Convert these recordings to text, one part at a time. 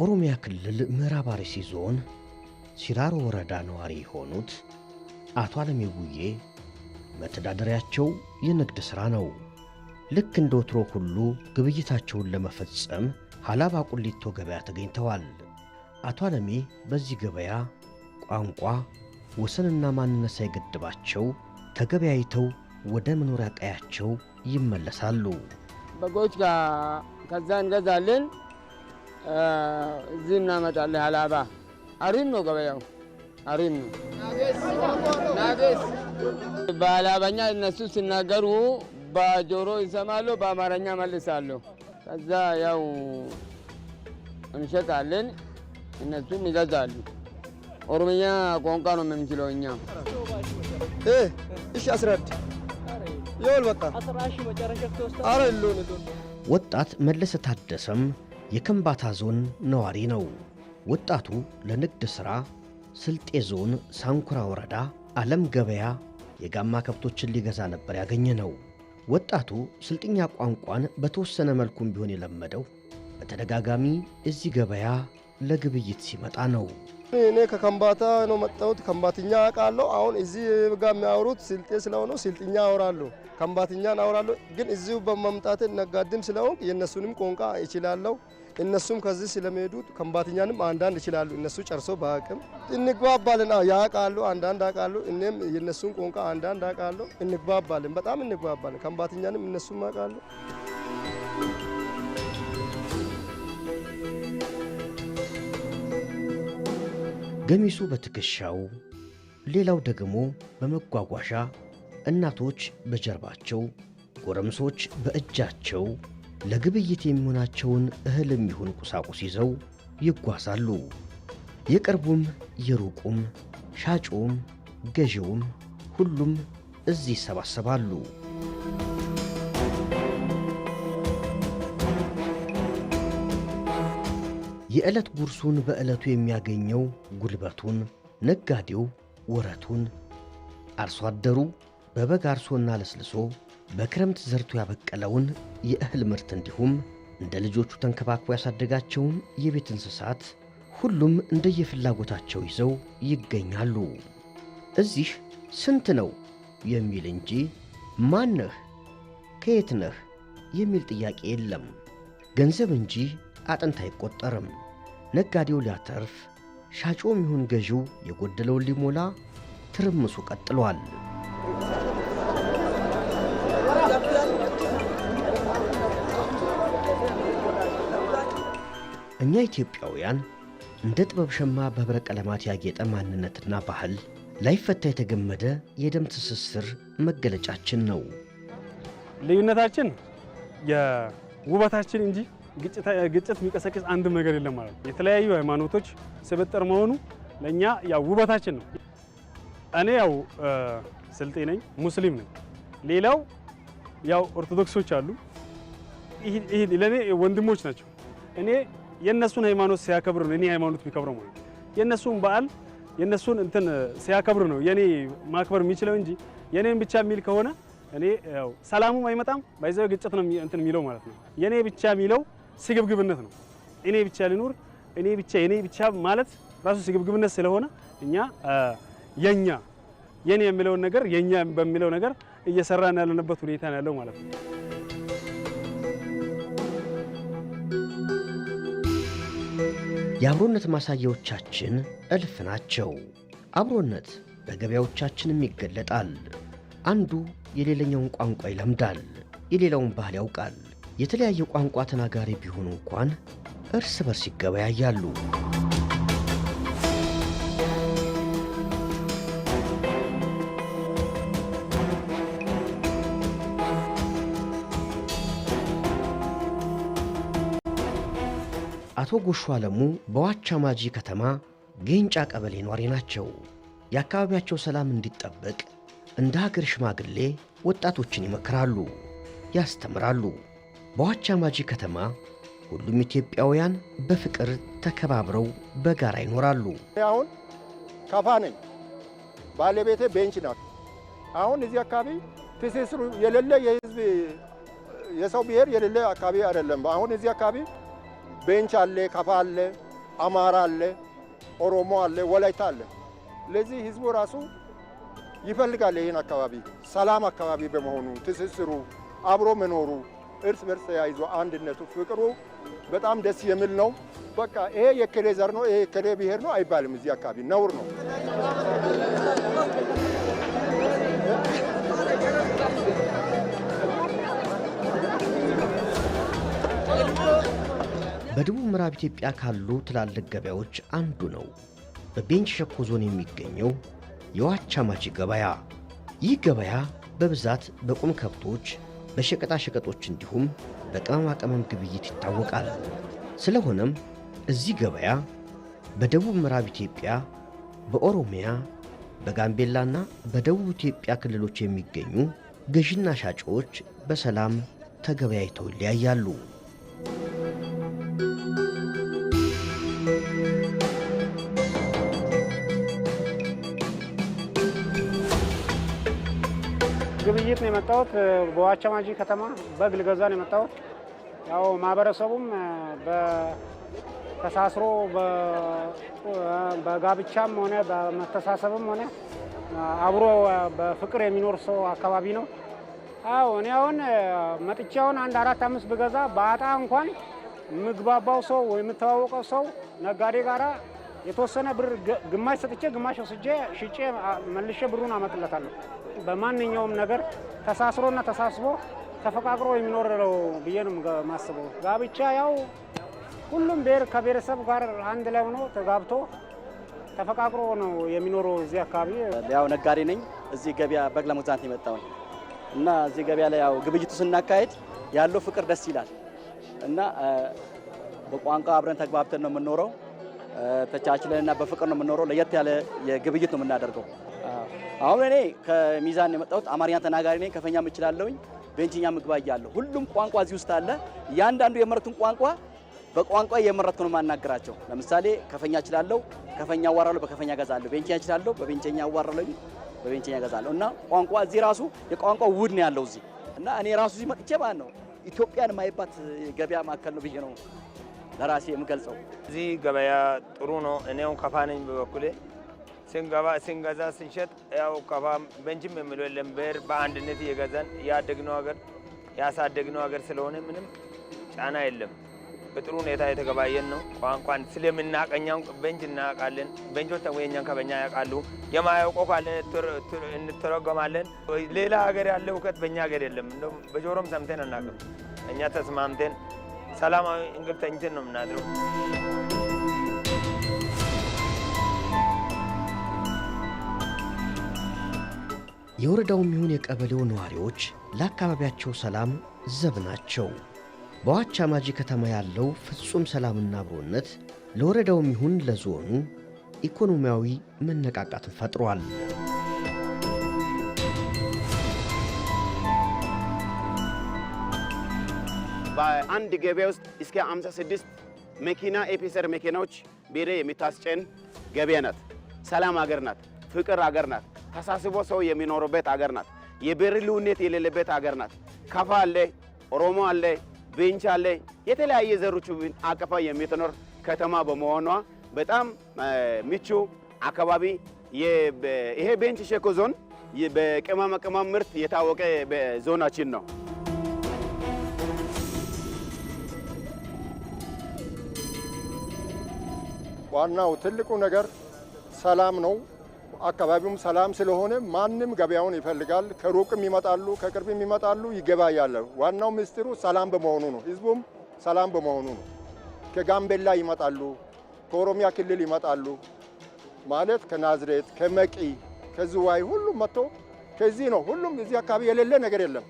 የኦሮሚያ ክልል ምዕራብ አርሲ ዞን ሲራሮ ወረዳ ነዋሪ የሆኑት አቶ አለሜ ጉዬ መተዳደሪያቸው የንግድ ሥራ ነው። ልክ እንደ ወትሮ ሁሉ ግብይታቸውን ለመፈጸም ሀላባ ቁሊቶ ገበያ ተገኝተዋል። አቶ አለሜ በዚህ ገበያ ቋንቋ፣ ወሰንና ማንነት ሳይገድባቸው ተገበያይተው ወደ መኖሪያ ቀያቸው ይመለሳሉ። በጎች ከዛ እንገዛለን እዚህ እናመጣለህ። ሀላባ አሪፍ ነው፣ ገበያው አሪፍ ነው። በሀላባኛ እነሱ ሲናገሩ በጆሮ ይሰማሉ፣ በአማርኛ መልሳሉ። ከዛ ያው እንሸጣለን፣ እነሱም ይገዛሉ። ኦሮምኛ ቋንቋ ነው የምንችለው እኛ። እሺ አስረድ ይወል በቃ ወጣት መለሰ ታደሰም የከምባታ ዞን ነዋሪ ነው። ወጣቱ ለንግድ ሥራ ስልጤ ዞን ሳንኩራ ወረዳ ዓለም ገበያ የጋማ ከብቶችን ሊገዛ ነበር ያገኘ ነው። ወጣቱ ስልጥኛ ቋንቋን በተወሰነ መልኩም ቢሆን የለመደው በተደጋጋሚ እዚህ ገበያ ለግብይት ሲመጣ ነው። እኔ ከከምባታ ነው መጣሁት። ከምባትኛ አውቃለሁ። አሁን እዚህ ጋር የሚያወሩት ስልጤ ስለሆነ ስልጥኛ አውራሉ ከምባትኛን አውራለሁ ግን እዚሁ በመምጣት ነጋዴም ስለሆን የእነሱንም ቋንቋ ይችላለሁ እነሱም ከዚህ ስለሚሄዱ ከምባትኛንም አንዳንድ ይችላሉ። እነሱ ጨርሶ በአቅም እንግባባልን። ያውቃሉ፣ አንዳንድ አውቃሉ። እኔም የእነሱን ቋንቋ አንዳንድ አውቃሉ እንግባባልን፣ በጣም እንግባባልን። ከምባትኛንም እነሱም አውቃሉ። ገሚሱ በትከሻው ሌላው ደግሞ በመጓጓዣ እናቶች በጀርባቸው ጎረምሶች በእጃቸው ለግብይት የሚሆናቸውን እህል የሚሆን ቁሳቁስ ይዘው ይጓዛሉ። የቅርቡም የሩቁም ሻጩም ገዢውም ሁሉም እዚህ ይሰባሰባሉ። የዕለት ጉርሱን በዕለቱ የሚያገኘው ጉልበቱን ነጋዴው ወረቱን አርሶ አደሩ በበግ አርሶና ለስልሶ በክረምት ዘርቶ ያበቀለውን የእህል ምርት እንዲሁም እንደ ልጆቹ ተንከባክቦ ያሳደጋቸውን የቤት እንስሳት ሁሉም እንደየፍላጎታቸው ይዘው ይገኛሉ። እዚህ ስንት ነው የሚል እንጂ ማን ነህ፣ ከየት ነህ የሚል ጥያቄ የለም። ገንዘብ እንጂ አጥንት አይቆጠርም። ነጋዴው ሊያተርፍ፣ ሻጮም ይሁን ገዢው የጎደለውን ሊሞላ ትርምሱ ቀጥሏል። እኛ ኢትዮጵያውያን እንደ ጥበብ ሸማ በህብረ ቀለማት ያጌጠ ማንነትና ባህል ላይፈታ የተገመደ የደም ትስስር መገለጫችን ነው። ልዩነታችን የውበታችን እንጂ ግጭት የሚቀሰቅስ አንድም ነገር የለም ማለት ነው። የተለያዩ ሃይማኖቶች ስብጥር መሆኑ ለእኛ ያው ውበታችን ነው። እኔ ያው ስልጤ ነኝ፣ ሙስሊም ነኝ። ሌላው ያው ኦርቶዶክሶች አሉ። ለእኔ ወንድሞች ናቸው። እኔ የእነሱን ሃይማኖት ሲያከብር ነው የኔ ሃይማኖት የሚከብረው ማለት ነው። የእነሱን በዓል የእነሱን እንትን ሲያከብር ነው የኔ ማክበር የሚችለው እንጂ የኔን ብቻ የሚል ከሆነ እኔ ያው ሰላሙም አይመጣም ባይዘው ግጭት ነው እንትን የሚለው ማለት ነው። የኔ ብቻ የሚለው ስግብግብነት ነው። እኔ ብቻ ልኑር፣ እኔ ብቻ የኔ ብቻ ማለት ራሱ ስግብግብነት ስለሆነ እኛ የኛ የኔ የሚለውን ነገር የኛ በሚለው ነገር እየሰራን ያለንበት ሁኔታ ነው ያለው ማለት ነው። የአብሮነት ማሳያዎቻችን እልፍ ናቸው። አብሮነት በገበያዎቻችንም ይገለጣል። አንዱ የሌላኛውን ቋንቋ ይለምዳል፣ የሌላውን ባህል ያውቃል። የተለያየ ቋንቋ ተናጋሪ ቢሆኑ እንኳን እርስ በርስ ይገበያያሉ። አቶ ጎሹ አለሙ በዋቻማጂ ከተማ ጌንጫ ቀበሌ ኗሪ ናቸው። የአካባቢያቸው ሰላም እንዲጠበቅ እንደ ሀገር ሽማግሌ ወጣቶችን ይመክራሉ፣ ያስተምራሉ። ማጂ ከተማ ሁሉም ኢትዮጵያውያን በፍቅር ተከባብረው በጋራ ይኖራሉ። አሁን ከፋ ነኝ። ባለቤቴ ቤንች ናት። አሁን እዚህ አካባቢ ትስስሩ የሌለ የህዝብ የሰው ብሔር የሌለ አካባቢ አይደለም። አሁን እዚህ አካባቢ ቤንች አለ፣ ካፋ አለ፣ አማራ አለ፣ ኦሮሞ አለ፣ ወላይታ አለ። ለዚህ ህዝቡ ራሱ ይፈልጋል ይህን አካባቢ ሰላም አካባቢ በመሆኑ ትስስሩ፣ አብሮ መኖሩ፣ እርስ በርስ ተያይዞ አንድነቱ፣ ፍቅሩ በጣም ደስ የሚል ነው። በቃ ይሄ የከሌ ዘር ነው፣ ይሄ የከሌ ብሔር ነው አይባልም። እዚህ አካባቢ ነውር ነው። በደቡብ ምዕራብ ኢትዮጵያ ካሉ ትላልቅ ገበያዎች አንዱ ነው። በቤንች ሸኮ ዞን የሚገኘው የዋቻማቺ ገበያ። ይህ ገበያ በብዛት በቁም ከብቶች፣ በሸቀጣሸቀጦች እንዲሁም በቅመማ ቅመም ግብይት ይታወቃል። ስለሆነም እዚህ ገበያ በደቡብ ምዕራብ ኢትዮጵያ፣ በኦሮሚያ፣ በጋምቤላና በደቡብ ኢትዮጵያ ክልሎች የሚገኙ ገዥና ሻጮች በሰላም ተገበያይተው ይለያያሉ። ግብይት ነው የመጣሁት። በዋቻማጂ ከተማ በግ ልገዛ ነው የመጣሁት። ያው ማህበረሰቡም ተሳስሮ በጋብቻም ሆነ በመተሳሰብም ሆነ አብሮ በፍቅር የሚኖር ሰው አካባቢ ነው። አዎ እኔ አሁን መጥቼ አንድ አራት አምስት ብገዛ በአጣ እንኳን የምግባባው ሰው የምተዋወቀው ሰው ነጋዴ ጋራ የተወሰነ ብር ግማሽ ሰጥቼ ግማሽ ወስጄ ሽጬ መልሼ ብሩን አመጥለታለሁ። በማንኛውም ነገር ተሳስሮና ተሳስቦ ተፈቃቅሮ የሚኖር ነው ብዬ ነው የማስበው። ጋብቻ ያው ሁሉም ብሔር ከብሔረሰብ ጋር አንድ ላይ ሆኖ ተጋብቶ ተፈቃቅሮ ነው የሚኖረው። እዚህ አካባቢ ያው ነጋዴ ነኝ። እዚህ ገበያ በግ ለመግዛት የመጣውን እና እዚህ ገበያ ላይ ያው ግብይቱ ስናካሄድ ያለው ፍቅር ደስ ይላል እና በቋንቋ አብረን ተግባብተን ነው የምኖረው። እና በፍቅር ነው የምንኖረው። ለየት ያለ የግብይት ነው የምናደርገው። አሁን እኔ ከሚዛን የመጣሁት አማርኛ ተናጋሪ ነኝ። ከፈኛ የምችላለውኝ ቤንችኛ ምግባ እያለሁ ሁሉም ቋንቋ እዚህ ውስጥ አለ። እያንዳንዱ የመረቱን ቋንቋ በቋንቋ የመረጥኩ ነው የማናገራቸው። ለምሳሌ ከፈኛ እችላለሁ፣ ከፈኛ አዋራለሁ፣ በከፈኛ እገዛለሁ። ቤንችኛ እችላለሁ፣ በቤንችኛ አዋራለሁ፣ በቤንችኛ እገዛለሁ። እና ቋንቋ እዚህ ራሱ የቋንቋ ውድ ነው ያለው እዚህ እና እኔ ራሱ እዚህ መጥቼ ማለት ነው ኢትዮጵያን ማይባት ገበያ ማዕከል ነው ብዬ ነው ለራሴ የምገልጸው። እዚህ ገበያ ጥሩ ነው። እኔው ከፋ ነኝ በበኩሌ ስንገባ ስንገዛ ስንሸጥ ያው ከፋ በንችም የሚለው የለም። ብሔር በአንድነት እየገዛን ያደግነው ሀገር ያሳደግነው ሀገር ስለሆነ ምንም ጫና የለም። በጥሩ ሁኔታ የተገባየን ነው። ቋንቋን ስለምናቀኛም በንች እናያውቃለን። በንጆች ደግሞ የኛን ከበኛ ያውቃሉ። የማያውቀው ካለ እንተረጎማለን። ሌላ ሀገር ያለ እውቀት በእኛ ሀገር የለም። እንደውም በጆሮም ሰምተን አናውቅም። እኛ ተስማምተን ሰላማዊ እንግልተኝትን ነው የምናድረው። የወረዳውም ይሁን የቀበሌው ነዋሪዎች ለአካባቢያቸው ሰላም ዘብ ናቸው። በዋቻ ማጂ ከተማ ያለው ፍጹም ሰላምና አብሮነት ለወረዳውም ይሁን ለዞኑ ኢኮኖሚያዊ መነቃቃትን ፈጥሯል። በአንድ ገበያ ውስጥ እስከ 56 መኪና ኤፒሰር መኪናዎች ቢሬ የሚታስጨን ገበያ ናት። ሰላም አገር ናት። ፍቅር አገር ናት። ተሳስቦ ሰው የሚኖርበት አገር ናት። የብሔር ልዩነት የሌለበት አገር ናት። ከፋ አለ፣ ኦሮሞ አለ፣ ቤንቻ አለ። የተለያየ ዘሮች አቀፋ የምትኖር ከተማ በመሆኗ በጣም ምቹ አካባቢ። ይሄ ቤንች ሸኮ ዞን በቅመማ ቅመም ምርት የታወቀ ዞናችን ነው። ዋናው ትልቁ ነገር ሰላም ነው። አካባቢውም ሰላም ስለሆነ ማንም ገበያውን ይፈልጋል። ከሩቅም ይመጣሉ፣ ከቅርብም ይመጣሉ፣ ይገበያያሉ። ዋናው ምስጢሩ ሰላም በመሆኑ ነው። ህዝቡም ሰላም በመሆኑ ነው። ከጋምቤላ ይመጣሉ፣ ከኦሮሚያ ክልል ይመጣሉ። ማለት ከናዝሬት፣ ከመቂ፣ ከዝዋይ ሁሉም መጥቶ ከዚህ ነው። ሁሉም እዚህ አካባቢ የሌለ ነገር የለም።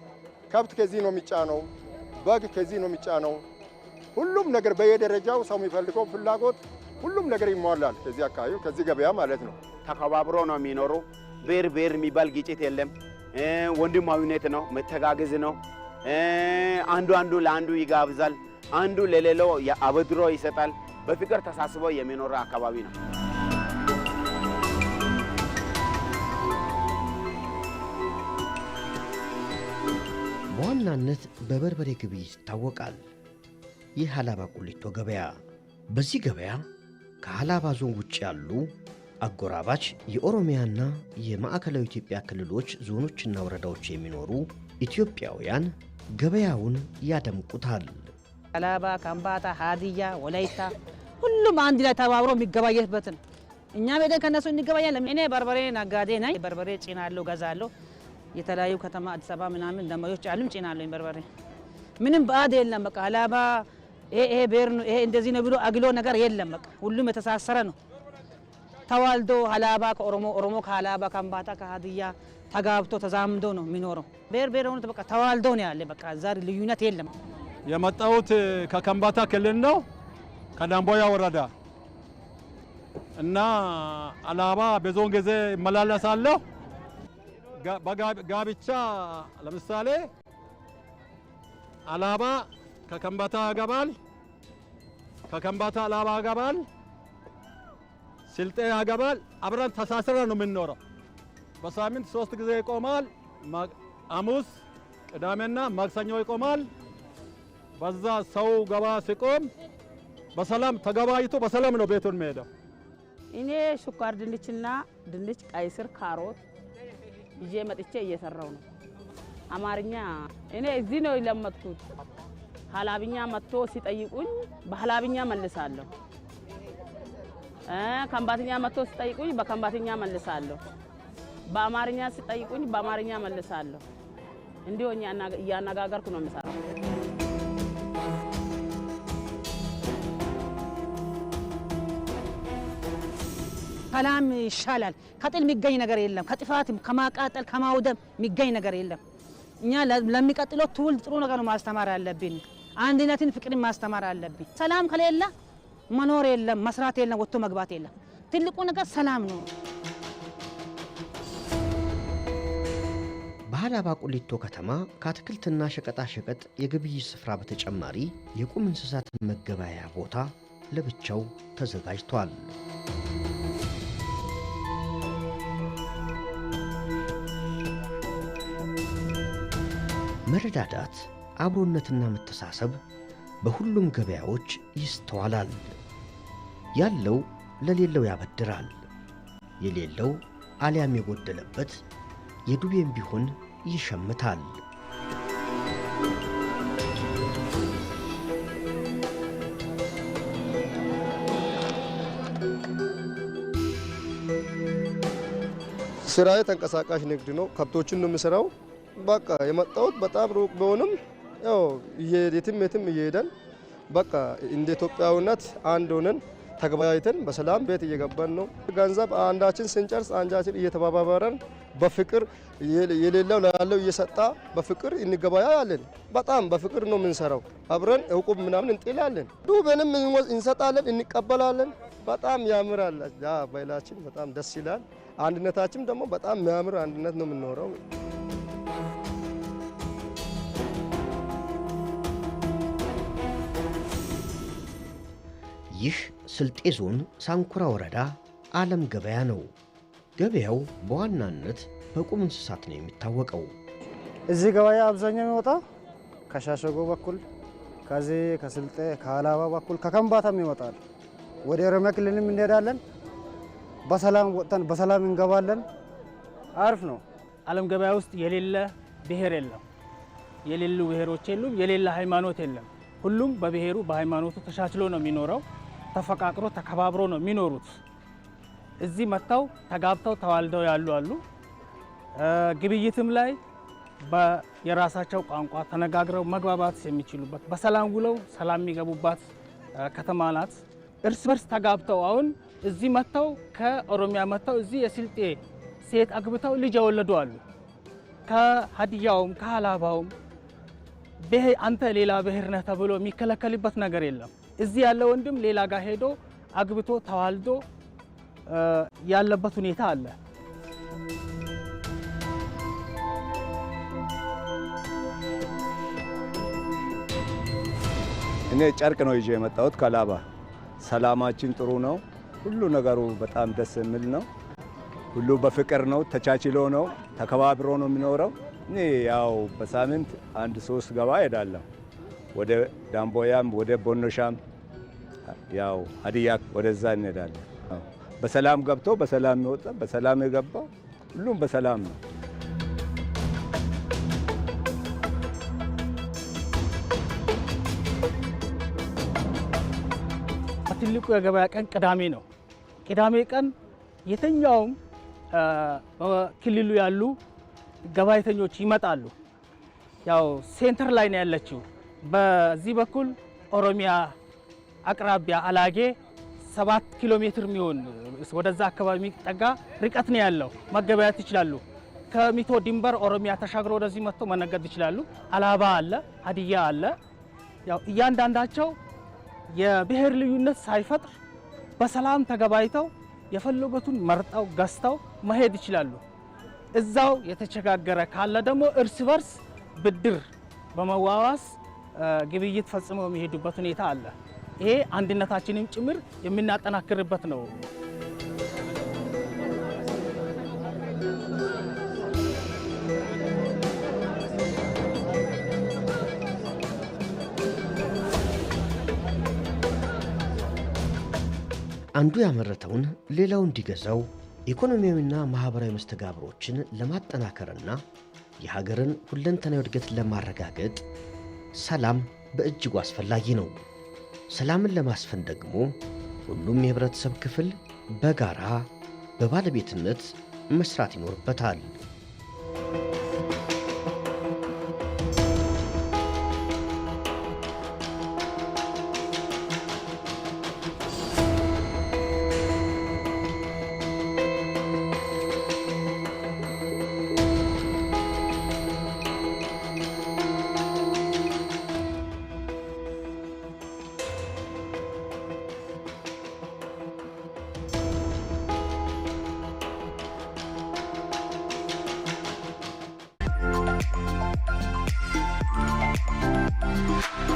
ከብት ከዚህ ነው የሚጫነው፣ በግ ከዚህ ነው የሚጫነው። ሁሉም ነገር በየደረጃው ሰው የሚፈልገው ፍላጎት ሁሉም ነገር ይሟላል። እዚህ አካባቢ ከዚህ ገበያ ማለት ነው። ተከባብሮ ነው የሚኖሩ። ብሔር ብሔር የሚባል ግጭት የለም። ወንድማዊነት ነው፣ መተጋገዝ ነው። አንዱ አንዱ ለአንዱ ይጋብዛል፣ አንዱ ለሌላው አበድሮ ይሰጣል። በፍቅር ተሳስቦ የሚኖረ አካባቢ ነው። በዋናነት በበርበሬ ግብይት ይታወቃል። ይህ ሀላባ ቁሊቶ ገበያ በዚህ ገበያ ከሀላባ ዞን ውጭ ያሉ አጎራባች የኦሮሚያና የማዕከላዊ ኢትዮጵያ ክልሎች ዞኖችና ወረዳዎች የሚኖሩ ኢትዮጵያውያን ገበያውን ያደምቁታል። ሀላባ፣ ከምባታ፣ ሀዲያ፣ ወላይታ ሁሉም አንድ ላይ ተባብሮ የሚገባየበት ነው። እኛም ሄደን ከነሱ እንገባያለን። እኔ በርበሬ ነጋዴ ነኝ። በርበሬ ጭናለሁ፣ ገዛለሁ። የተለያዩ ከተማ አዲስ አበባ ምናምን ደንበኞች አሉም ጭናለሁ በርበሬ። ምንም ባዕድ የለም። በቃ ሀላባ ይሄ ብሔር ነው ይሄ እንደዚህ ነው ብሎ አግሎ ነገር የለም። በቃ ሁሉም የተሳሰረ ነው። ተዋልዶ ሀላባ ከኦሮሞ ኦሮሞ ከሀላባ ከምባታ ከሀዲያ ተጋብቶ ተዛምዶ ነው የሚኖረው። ብሔር ብሔር ሆኖ በቃ ተዋልዶ ነው ያለ። በቃ ዛሬ ልዩነት የለም። የመጣሁት ከከምባታ ክልል ነው ከዳንቦያ ወረዳ እና አላባ በዞን ጊዜ እመላለሳለሁ። በጋብቻ ለምሳሌ አላባ ከከምባታ ያገባል፣ ከከምባታ ላባ ያገባል፣ ስልጤ ያገባል። አብረን ተሳስረን ነው የምንኖረው። በሳምንት ሶስት ጊዜ ይቆማል። አሙስ ቅዳሜና ማክሰኞ ይቆማል። በዛ ሰው ገባ ሲቆም በሰላም ተገባይቶ በሰላም ነው ቤቱን የሚሄደው። እኔ ስኳር ድንችና ድንች፣ ቀይ ስር፣ ካሮት ይዤ መጥቼ እየሰራው ነው። አማርኛ እኔ እዚህ ነው የለመድኩት። ሀላብኛ መጥቶ ሲጠይቁኝ በሀላብኛ መልሳለሁ። ከምባትኛ መጥቶ ሲጠይቁኝ በከምባትኛ መልሳለሁ። በአማርኛ ሲጠይቁኝ በአማርኛ መልሳለሁ። እንዲሁ እያነጋገርኩ ነው የምሰራው። ሰላም ይሻላል። ከጥል የሚገኝ ነገር የለም። ከጥፋትም፣ ከማቃጠል፣ ከማውደም የሚገኝ ነገር የለም። እኛ ለሚቀጥለው ትውልድ ጥሩ ነገር ማስተማር አለብን። አንድነትን፣ ፍቅርን ማስተማር አለብኝ። ሰላም ከሌለ መኖር የለም፣ መስራት የለም፣ ወጥቶ መግባት የለም። ትልቁ ነገር ሰላም ነው። በሀላባ ቁሊቶ ከተማ ከአትክልትና ሸቀጣሸቀጥ የግብይት ስፍራ በተጨማሪ የቁም እንስሳት መገበያያ ቦታ ለብቻው ተዘጋጅቷል። መረዳዳት አብሮነትና መተሳሰብ በሁሉም ገበያዎች ይስተዋላል። ያለው ለሌለው ያበድራል፣ የሌለው አሊያም የጎደለበት የዱቤም ቢሆን ይሸምታል። ስራዬ ተንቀሳቃሽ ንግድ ነው። ከብቶችን ነው የምሰራው። በቃ የመጣሁት በጣም ሩቅ ቢሆንም ያው የትም የትም እየሄደን በቃ እንደ ኢትዮጵያዊነት አንድ ሆነን ተገባይተን በሰላም ቤት እየገባን ነው። ገንዘብ አንዳችን ስንጨርስ አንዳችን እየተባባበረን በፍቅር የሌለው ላለው እየሰጣ በፍቅር እንገበያያለን። በጣም በፍቅር ነው የምንሰራው። አብረን እውቁብ ምናምን እንጥላለን፣ ዱቤንም እንሰጣለን፣ እንቀበላለን። በጣም ያምራል ባህላችን፣ በጣም ደስ ይላል። አንድነታችን ደግሞ በጣም የሚያምር አንድነት ነው የምንኖረው። ይህ ስልጤ ዞን ሳንኩራ ወረዳ ዓለም ገበያ ነው። ገበያው በዋናነት በቁም እንስሳት ነው የሚታወቀው። እዚህ ገበያ አብዛኛው የሚወጣው ከሻሸጎ በኩል ከዚህ ከስልጤ ከአላባ በኩል ከከምባታም ይወጣል። ወደ ረመ ክልልም እንሄዳለን። በሰላም ወጥተን በሰላም እንገባለን። አሪፍ ነው። ዓለም ገበያ ውስጥ የሌለ ብሔር የለም፣ የሌሉ ብሔሮች የሉም፣ የሌለ ሃይማኖት የለም። ሁሉም በብሔሩ በሃይማኖቱ ተሻችሎ ነው የሚኖረው። ተፈቃቅሮ ተከባብሮ ነው የሚኖሩት። እዚህ መጥተው ተጋብተው ተዋልደው ያሉ አሉ። ግብይትም ላይ የራሳቸው ቋንቋ ተነጋግረው መግባባት የሚችሉበት በሰላም ውለው ሰላም የሚገቡባት ከተማ ናት። እርስ በርስ ተጋብተው አሁን እዚህ መጥተው ከኦሮሚያ መጥተው እዚህ የስልጤ ሴት አግብተው ልጅ የወለዱ አሉ። ከሀዲያውም ከሀላባውም አንተ ሌላ ብሔር ነህ ተብሎ የሚከለከልበት ነገር የለም። እዚህ ያለ ወንድም ሌላ ጋር ሄዶ አግብቶ ተዋልዶ ያለበት ሁኔታ አለ። እኔ ጨርቅ ነው ይዤ የመጣሁት ከላባ። ሰላማችን ጥሩ ነው። ሁሉ ነገሩ በጣም ደስ የሚል ነው። ሁሉ በፍቅር ነው፣ ተቻችሎ ነው፣ ተከባብሮ ነው የሚኖረው። እኔ ያው በሳምንት አንድ ሶስት ገባ ሄዳለሁ ወደ ዳምቦያም ወደ ቦኖሻም ይመጣል። ያው ሀዲያ ወደዛ እንሄዳለን። በሰላም ገብቶ በሰላም ይወጣ፣ በሰላም የገባው ሁሉም በሰላም ነው። ትልቁ የገበያ ቀን ቅዳሜ ነው። ቅዳሜ ቀን የትኛውም በክልሉ ያሉ ገበያተኞች ይመጣሉ። ያው ሴንተር ላይ ነው ያለችው። በዚህ በኩል ኦሮሚያ አቅራቢያ አላጌ ሰባት ኪሎ ሜትር የሚሆን ወደዛ አካባቢ የሚጠጋ ርቀት ነው ያለው። መገበያት ይችላሉ። ከሚቶ ድንበር ኦሮሚያ ተሻግሮ ወደዚህ መጥቶ መነገድ ይችላሉ። አላባ አለ፣ ሀዲያ አለ። ያው እያንዳንዳቸው የብሔር ልዩነት ሳይፈጥር በሰላም ተገባይተው የፈለጉትን መርጠው ገዝተው መሄድ ይችላሉ። እዛው የተቸጋገረ ካለ ደግሞ እርስ በርስ ብድር በመዋዋስ ግብይት ፈጽመው የሚሄዱበት ሁኔታ አለ። ይሄ አንድነታችንን ጭምር የምናጠናክርበት ነው። አንዱ ያመረተውን ሌላው እንዲገዛው ኢኮኖሚያዊና ማኅበራዊ መስተጋብሮችን ለማጠናከርና የሀገርን ሁለንተናዊ እድገት ለማረጋገጥ ሰላም በእጅጉ አስፈላጊ ነው። ሰላምን ለማስፈን ደግሞ ሁሉም የህብረተሰብ ክፍል በጋራ በባለቤትነት መስራት ይኖርበታል።